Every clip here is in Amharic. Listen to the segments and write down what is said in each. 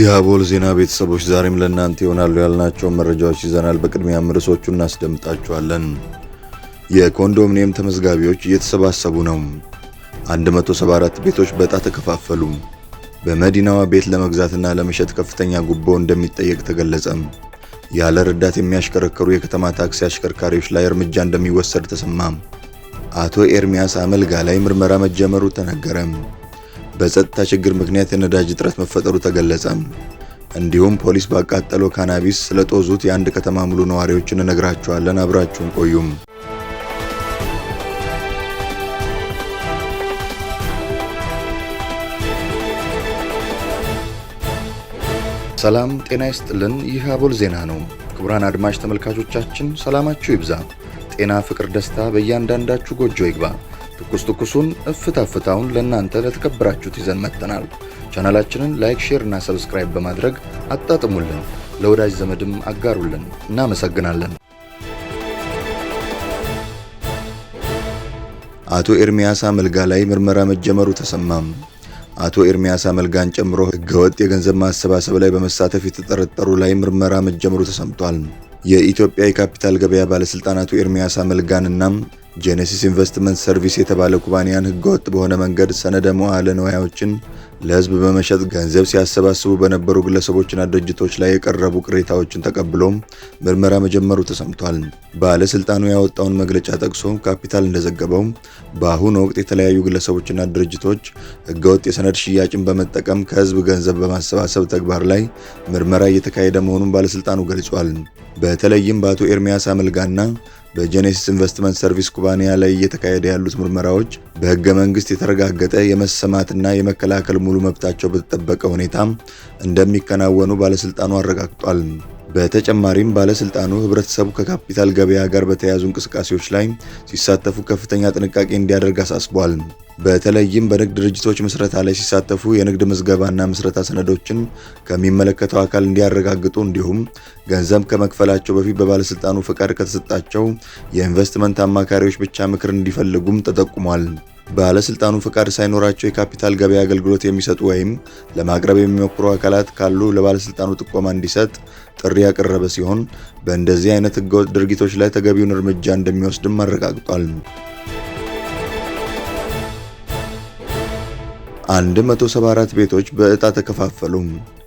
የአቦል ዜና ቤተሰቦች ዛሬም ለእናንተ ይሆናሉ ያልናቸውን መረጃዎች ይዘናል። በቅድሚያ ምርሶቹ እናስደምጣቸዋለን። የኮንዶሚኒየም ተመዝጋቢዎች እየተሰባሰቡ ነው። 174 ቤቶች በዕጣ ተከፋፈሉ። በመዲናዋ ቤት ለመግዛትና ለመሸጥ ከፍተኛ ጉቦ እንደሚጠየቅ ተገለጸም። ያለ ረዳት የሚያሽከረከሩ የከተማ ታክሲ አሽከርካሪዎች ላይ እርምጃ እንደሚወሰድ ተሰማ። አቶ ኤርሚያስ አመልጋ ላይ ምርመራ መጀመሩ ተነገረም። በጸጥታ ችግር ምክንያት የነዳጅ እጥረት መፈጠሩ ተገለጸ። እንዲሁም ፖሊስ ባቃጠለው ካናቢስ ስለጦዙት የአንድ ከተማ ሙሉ ነዋሪዎችን እነግራችኋለን። አብራችሁን ቆዩም። ሰላም ጤና ይስጥልን። ይህ አቦል ዜና ነው። ክቡራን አድማጭ ተመልካቾቻችን ሰላማችሁ ይብዛ፣ ጤና፣ ፍቅር፣ ደስታ በእያንዳንዳችሁ ጎጆ ይግባ። ትኩስ ትኩሱን እፍታ ፍታውን ለእናንተ ለተከበራችሁት ይዘን መጥተናል። ቻናላችንን ላይክ፣ ሼር እና ሰብስክራይብ በማድረግ አጣጥሙልን፣ ለወዳጅ ዘመድም አጋሩልን። እናመሰግናለን። አቶ ኤርሚያስ አመልጋ ላይ ምርመራ መጀመሩ ተሰማም። አቶ ኤርሚያስ አመልጋን ጨምሮ ህገወጥ የገንዘብ ማሰባሰብ ላይ በመሳተፍ የተጠረጠሩ ላይ ምርመራ መጀመሩ ተሰምቷል። የኢትዮጵያ የካፒታል ገበያ ባለስልጣን አቶ ኤርሚያስ አመልጋንና ጄኔሲስ ኢንቨስትመንት ሰርቪስ የተባለ ኩባንያን ህገወጥ በሆነ መንገድ ሰነደ መዋለ ንዋያዎችን ለህዝብ በመሸጥ ገንዘብ ሲያሰባስቡ በነበሩ ግለሰቦችና ድርጅቶች ላይ የቀረቡ ቅሬታዎችን ተቀብሎም ምርመራ መጀመሩ ተሰምቷል። ባለስልጣኑ ያወጣውን መግለጫ ጠቅሶ ካፒታል እንደዘገበው በአሁኑ ወቅት የተለያዩ ግለሰቦችና ድርጅቶች ህገወጥ የሰነድ ሽያጭን በመጠቀም ከህዝብ ገንዘብ በማሰባሰብ ተግባር ላይ ምርመራ እየተካሄደ መሆኑን ባለስልጣኑ ገልጿል። በተለይም በአቶ ኤርሚያስ አመልጋና በጄኔሲስ ኢንቨስትመንት ሰርቪስ ኩባንያ ላይ እየተካሄደ ያሉት ምርመራዎች በህገ መንግስት የተረጋገጠ የመሰማትና የመከላከል ሙሉ መብታቸው በተጠበቀ ሁኔታም እንደሚከናወኑ ባለስልጣኑ አረጋግጧል። በተጨማሪም ባለስልጣኑ ህብረተሰቡ ከካፒታል ገበያ ጋር በተያያዙ እንቅስቃሴዎች ላይ ሲሳተፉ ከፍተኛ ጥንቃቄ እንዲያደርግ አሳስቧል። በተለይም በንግድ ድርጅቶች ምስረታ ላይ ሲሳተፉ የንግድ ምዝገባና ምስረታ ሰነዶችን ከሚመለከተው አካል እንዲያረጋግጡ እንዲሁም ገንዘብ ከመክፈላቸው በፊት በባለስልጣኑ ፍቃድ ከተሰጣቸው የኢንቨስትመንት አማካሪዎች ብቻ ምክር እንዲፈልጉም ተጠቁሟል። ባለስልጣኑ ፍቃድ ሳይኖራቸው የካፒታል ገበያ አገልግሎት የሚሰጡ ወይም ለማቅረብ የሚሞክሩ አካላት ካሉ ለባለስልጣኑ ጥቆማ እንዲሰጥ ጥሪ ያቀረበ ሲሆን በእንደዚህ አይነት ህገወጥ ድርጊቶች ላይ ተገቢውን እርምጃ እንደሚወስድም አረጋግጧል። 174 ቤቶች በዕጣ ተከፋፈሉ።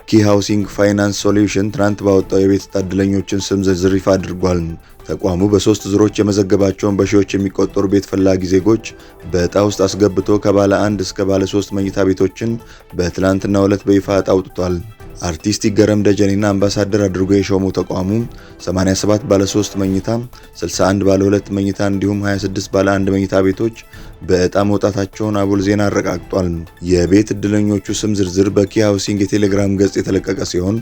ኪ ሃውሲንግ ፋይናንስ ሶሉሽን ትናንት ባወጣው የቤት እጣ ዕድለኞችን ስም ዝርዝር ይፋ አድርጓል። ተቋሙ በሶስት ዙሮች የመዘገባቸውን በሺዎች የሚቆጠሩ ቤት ፈላጊ ዜጎች በዕጣ ውስጥ አስገብቶ ከባለ አንድ እስከ ባለ ሶስት መኝታ ቤቶችን በትናንትናው ዕለት በይፋ ዕጣ አውጥቷል። አርቲስት ይገረም ደጀኔና አምባሳደር አድርጎ የሾሙ ተቋሙ 87 ባለ 3 መኝታ፣ 61 ባለ 2 መኝታ እንዲሁም 26 ባለ 1 መኝታ ቤቶች በዕጣ መውጣታቸውን አቦል ዜና አረጋግጧል። የቤት እድለኞቹ ስም ዝርዝር በኪ ሃውሲንግ የቴሌግራም ገጽ የተለቀቀ ሲሆን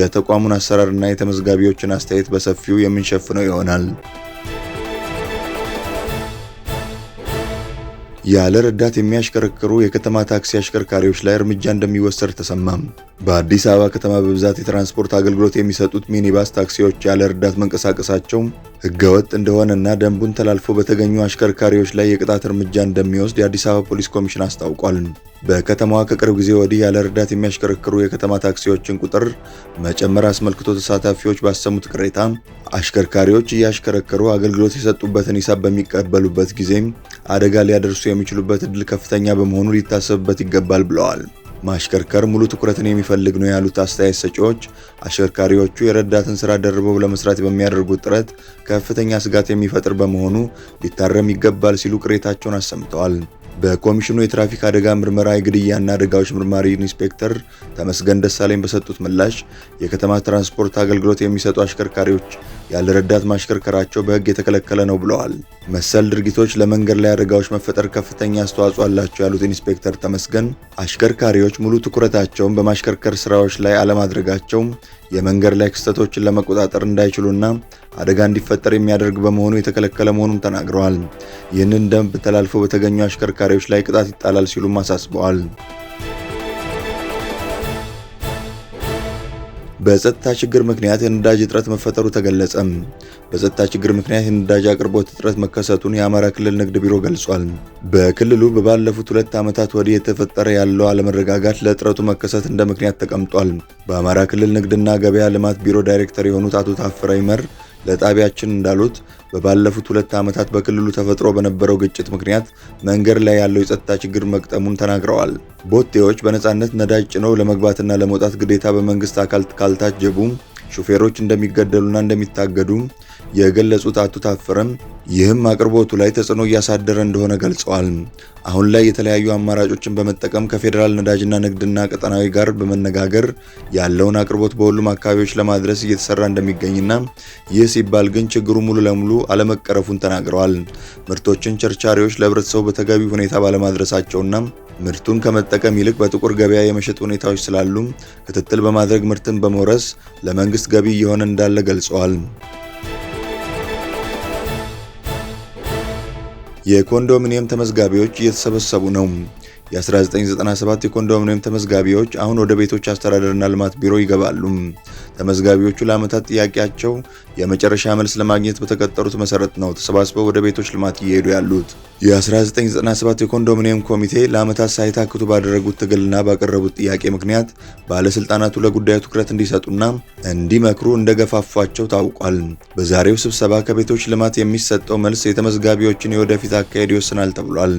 የተቋሙን አሰራርና የተመዝጋቢዎችን አስተያየት በሰፊው የምንሸፍነው ይሆናል። ያለ ረዳት የሚያሽከረክሩ የከተማ ታክሲ አሽከርካሪዎች ላይ እርምጃ እንደሚወሰድ ተሰማም። በአዲስ አበባ ከተማ በብዛት የትራንስፖርት አገልግሎት የሚሰጡት ሚኒባስ ታክሲዎች ያለ ረዳት መንቀሳቀሳቸው ህገወጥ እንደሆነና ደንቡን ተላልፎ በተገኙ አሽከርካሪዎች ላይ የቅጣት እርምጃ እንደሚወስድ የአዲስ አበባ ፖሊስ ኮሚሽን አስታውቋል። በከተማዋ ከቅርብ ጊዜ ወዲህ ያለ እርዳት የሚያሽከረክሩ የከተማ ታክሲዎችን ቁጥር መጨመር አስመልክቶ ተሳታፊዎች ባሰሙት ቅሬታ አሽከርካሪዎች እያሽከረከሩ አገልግሎት የሰጡበትን ሂሳብ በሚቀበሉበት ጊዜ አደጋ ሊያደርሱ የሚችሉበት እድል ከፍተኛ በመሆኑ ሊታሰብበት ይገባል ብለዋል። ማሽከርከር ሙሉ ትኩረትን የሚፈልግ ነው ያሉት አስተያየት ሰጪዎች አሽከርካሪዎቹ የረዳትን ስራ ደርበው ለመስራት በሚያደርጉት ጥረት ከፍተኛ ስጋት የሚፈጥር በመሆኑ ሊታረም ይገባል ሲሉ ቅሬታቸውን አሰምተዋል። በኮሚሽኑ የትራፊክ አደጋ ምርመራ የግድያና አደጋዎች ምርማሪ ኢንስፔክተር ተመስገን ደሳለኝ በሰጡት ምላሽ የከተማ ትራንስፖርት አገልግሎት የሚሰጡ አሽከርካሪዎች ያለረዳት ማሽከርከራቸው በሕግ የተከለከለ ነው ብለዋል። መሰል ድርጊቶች ለመንገድ ላይ አደጋዎች መፈጠር ከፍተኛ አስተዋጽኦ አላቸው ያሉት ኢንስፔክተር ተመስገን አሽከርካሪዎች ሙሉ ትኩረታቸውን በማሽከርከር ስራዎች ላይ አለማድረጋቸው የመንገድ ላይ ክስተቶችን ለመቆጣጠር እንዳይችሉና አደጋ እንዲፈጠር የሚያደርግ በመሆኑ የተከለከለ መሆኑን ተናግረዋል። ይህንን ደንብ ተላልፈው በተገኙ አሽከርካሪዎች ላይ ቅጣት ይጣላል ሲሉም አሳስበዋል። በጸጥታ ችግር ምክንያት የነዳጅ እጥረት መፈጠሩ ተገለጸ። በጸጥታ ችግር ምክንያት የነዳጅ አቅርቦት እጥረት መከሰቱን የአማራ ክልል ንግድ ቢሮ ገልጿል። በክልሉ ባለፉት ሁለት ዓመታት ወዲህ የተፈጠረ ያለው አለመረጋጋት ለእጥረቱ መከሰት እንደ ምክንያት ተቀምጧል። በአማራ ክልል ንግድና ገበያ ልማት ቢሮ ዳይሬክተር የሆኑት አቶ ታፈራ ይመር ለጣቢያችን እንዳሉት በባለፉት ሁለት ዓመታት በክልሉ ተፈጥሮ በነበረው ግጭት ምክንያት መንገድ ላይ ያለው የጸጥታ ችግር መቅጠሙን ተናግረዋል። ቦቴዎች በነፃነት ነዳጅ ጭነው ለመግባትና ለመውጣት ግዴታ በመንግስት አካል ካልታጀቡም ሹፌሮች እንደሚገደሉና እንደሚታገዱ የገለጹት አቶ ታፈረም ይህም አቅርቦቱ ላይ ተጽዕኖ እያሳደረ እንደሆነ ገልጸዋል። አሁን ላይ የተለያዩ አማራጮችን በመጠቀም ከፌዴራል ነዳጅና ንግድና ቀጠናዊ ጋር በመነጋገር ያለውን አቅርቦት በሁሉም አካባቢዎች ለማድረስ እየተሰራ እንደሚገኝና ይህ ሲባል ግን ችግሩ ሙሉ ለሙሉ አለመቀረፉን ተናግረዋል። ምርቶችን ቸርቻሪዎች ለህብረተሰቡ በተገቢ ሁኔታ ባለማድረሳቸውና ምርቱን ከመጠቀም ይልቅ በጥቁር ገበያ የመሸጥ ሁኔታዎች ስላሉም ክትትል በማድረግ ምርትን በመውረስ ለመንግስት ገቢ እየሆነ እንዳለ ገልጸዋል። የኮንዶሚኒየም ተመዝጋቢዎች እየተሰበሰቡ ነው። የ1997 የኮንዶሚኒየም ተመዝጋቢዎች አሁን ወደ ቤቶች አስተዳደርና ልማት ቢሮ ይገባሉ። ተመዝጋቢዎቹ ለዓመታት ጥያቄያቸው የመጨረሻ መልስ ለማግኘት በተቀጠሩት መሰረት ነው ተሰባስበው ወደ ቤቶች ልማት እየሄዱ ያሉት። የ1997 የኮንዶሚኒየም ኮሚቴ ለዓመታት ሳይታክቱ ባደረጉት ትግልና ባቀረቡት ጥያቄ ምክንያት ባለስልጣናቱ ለጉዳዩ ትኩረት እንዲሰጡና እንዲመክሩ እንደገፋፏቸው ታውቋል። በዛሬው ስብሰባ ከቤቶች ልማት የሚሰጠው መልስ የተመዝጋቢዎችን የወደፊት አካሄድ ይወስናል ተብሏል።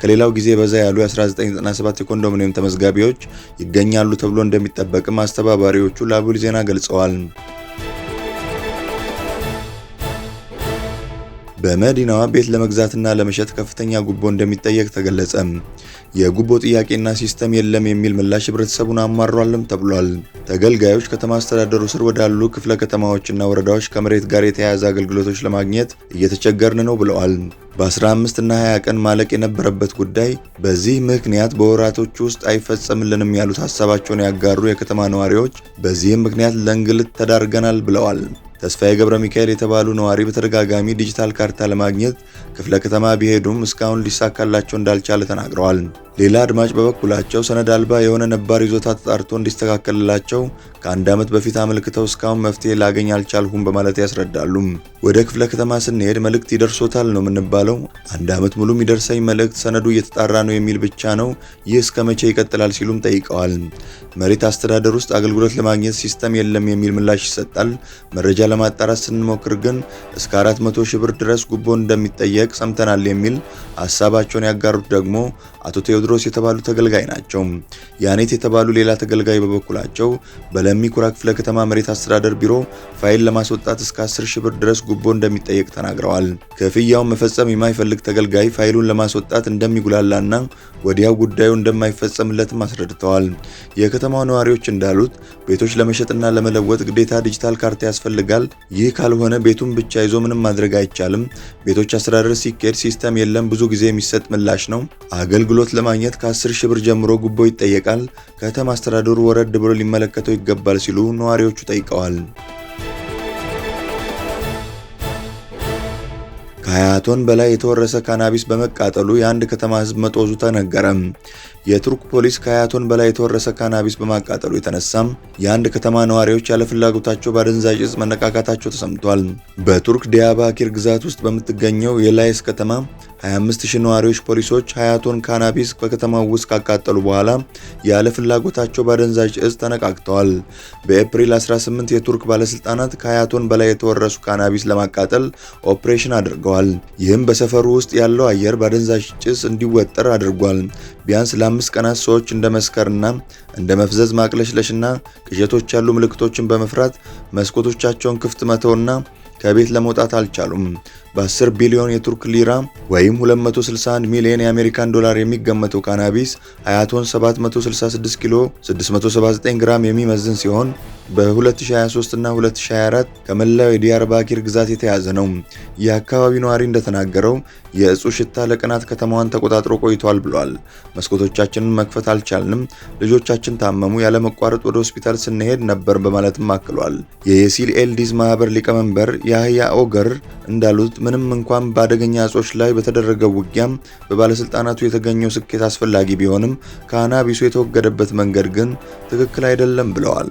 ከሌላው ጊዜ በዛ ያሉ የ 1997 የኮንዶሚኒየም ተመዝጋቢዎች ይገኛሉ ተብሎ እንደሚጠበቅም አስተባባሪዎቹ ለአቡል ዜና ገልጸዋል። በመዲናዋ ቤት ለመግዛትና ለመሸጥ ከፍተኛ ጉቦ እንደሚጠየቅ ተገለጸ። የጉቦ ጥያቄና ሲስተም የለም የሚል ምላሽ ህብረተሰቡን አማሯልም ተብሏል። ተገልጋዮች ከተማ አስተዳደሩ ስር ወዳሉ ክፍለ ከተማዎችና ወረዳዎች ከመሬት ጋር የተያያዘ አገልግሎቶች ለማግኘት እየተቸገርን ነው ብለዋል። በ15 እና 20 ቀን ማለቅ የነበረበት ጉዳይ በዚህ ምክንያት በወራቶች ውስጥ አይፈጸምልንም ያሉት ሀሳባቸውን ያጋሩ የከተማ ነዋሪዎች በዚህም ምክንያት ለእንግልት ተዳርገናል ብለዋል። ተስፋዬ ገብረ ሚካኤል የተባሉ ነዋሪ በተደጋጋሚ ዲጂታል ካርታ ለማግኘት ክፍለ ከተማ ቢሄዱም እስካሁን ሊሳካላቸው እንዳልቻለ ተናግረዋል። ሌላ አድማጭ በበኩላቸው ሰነድ አልባ የሆነ ነባር ይዞታ ተጣርቶ እንዲስተካከልላቸው ከአንድ ዓመት በፊት አመልክተው እስካሁን መፍትሄ ላገኝ አልቻልሁም በማለት ያስረዳሉ። ወደ ክፍለ ከተማ ስንሄድ መልእክት ይደርሶታል ነው የምንባለው። አንድ ዓመት ሙሉ የሚደርሰኝ መልእክት ሰነዱ እየተጣራ ነው የሚል ብቻ ነው። ይህ እስከ መቼ ይቀጥላል ሲሉም ጠይቀዋል። መሬት አስተዳደር ውስጥ አገልግሎት ለማግኘት ሲስተም የለም የሚል ምላሽ ይሰጣል። መረጃ ለማጣራት ስንሞክር ግን እስከ 400 ሺህ ብር ድረስ ጉቦ እንደሚጠየቅ ሰምተናል የሚል ሀሳባቸውን ያጋሩት ደግሞ አቶ ቴዎድሮስ ቴዎድሮስ የተባሉ ተገልጋይ ናቸው። ያኔት የተባሉ ሌላ ተገልጋይ በበኩላቸው በለሚ ኩራ ክፍለ ከተማ መሬት አስተዳደር ቢሮ ፋይል ለማስወጣት እስከ 10 ሺህ ብር ድረስ ጉቦ እንደሚጠየቅ ተናግረዋል። ክፍያውን መፈጸም የማይፈልግ ተገልጋይ ፋይሉን ለማስወጣት እንደሚጉላላና ወዲያው ጉዳዩ እንደማይፈጸምለትም አስረድተዋል። የከተማው ነዋሪዎች እንዳሉት ቤቶች ለመሸጥና ለመለወጥ ግዴታ ዲጂታል ካርታ ያስፈልጋል። ይህ ካልሆነ ቤቱን ብቻ ይዞ ምንም ማድረግ አይቻልም። ቤቶች አስተዳደር ሲካሄድ ሲስተም የለም። ብዙ ጊዜ የሚሰጥ ምላሽ ነው። አገልግሎት ለማ ለማግኘት ከ10 ሺህ ብር ጀምሮ ጉቦ ይጠየቃል፣ ከተማ አስተዳደሩ ወረድ ብሎ ሊመለከተው ይገባል ሲሉ ነዋሪዎቹ ጠይቀዋል። ከ20 ቶን በላይ የተወረሰ ካናቢስ በመቃጠሉ የአንድ ከተማ ህዝብ መጦዙ ተነገረም። የቱርክ ፖሊስ ከአያቶን በላይ የተወረሰ ካናቢስ በማቃጠሉ የተነሳም የአንድ ከተማ ነዋሪዎች ያለ ፍላጎታቸው በአደንዛዥ እጽ መነቃቃታቸው ተሰምቷል። በቱርክ ዲያባኪር ግዛት ውስጥ በምትገኘው የላይስ ከተማ 25000 ነዋሪዎች ፖሊሶች ሀያቶን ካናቢስ በከተማው ውስጥ ካቃጠሉ በኋላ ያለ ፍላጎታቸው በአደንዛዥ እጽ ተነቃቅተዋል። በኤፕሪል 18 የቱርክ ባለስልጣናት ከሀያቶን በላይ የተወረሱ ካናቢስ ለማቃጠል ኦፕሬሽን አድርገዋል። ይህም በሰፈሩ ውስጥ ያለው አየር በአደንዛዥ ጭስ እንዲወጠር አድርጓል። ቢያንስ አምስት ቀናት ሰዎች እንደ መስከርና እንደ መፍዘዝ ማቅለሽለሽና ቅዠቶች ያሉ ምልክቶችን በመፍራት መስኮቶቻቸውን ክፍት መተውና ከቤት ለመውጣት አልቻሉም። በ10 ቢሊዮን የቱርክ ሊራ ወይም 261 ሚሊዮን የአሜሪካን ዶላር የሚገመተው ካናቢስ አያቶን 766 ኪሎ 679 ግራም የሚመዝን ሲሆን በ2023 እና 2024 ከመላው የዲያርባኪር ግዛት የተያዘ ነው። የአካባቢው ነዋሪ እንደተናገረው የእጹ ሽታ ለቀናት ከተማዋን ተቆጣጥሮ ቆይቷል ብሏል። መስኮቶቻችንን መክፈት አልቻልንም፣ ልጆቻችን ታመሙ፣ ያለመቋረጥ ወደ ሆስፒታል ስንሄድ ነበር በማለትም አክሏል። የየሲል ኤልዲዝ ማህበር ሊቀመንበር የአህያ ኦገር እንዳሉት ምንም እንኳን በአደገኛ እጾች ላይ በተደረገው ውጊያም በባለስልጣናቱ የተገኘው ስኬት አስፈላጊ ቢሆንም ካናቢሱ የተወገደበት መንገድ ግን ትክክል አይደለም ብለዋል።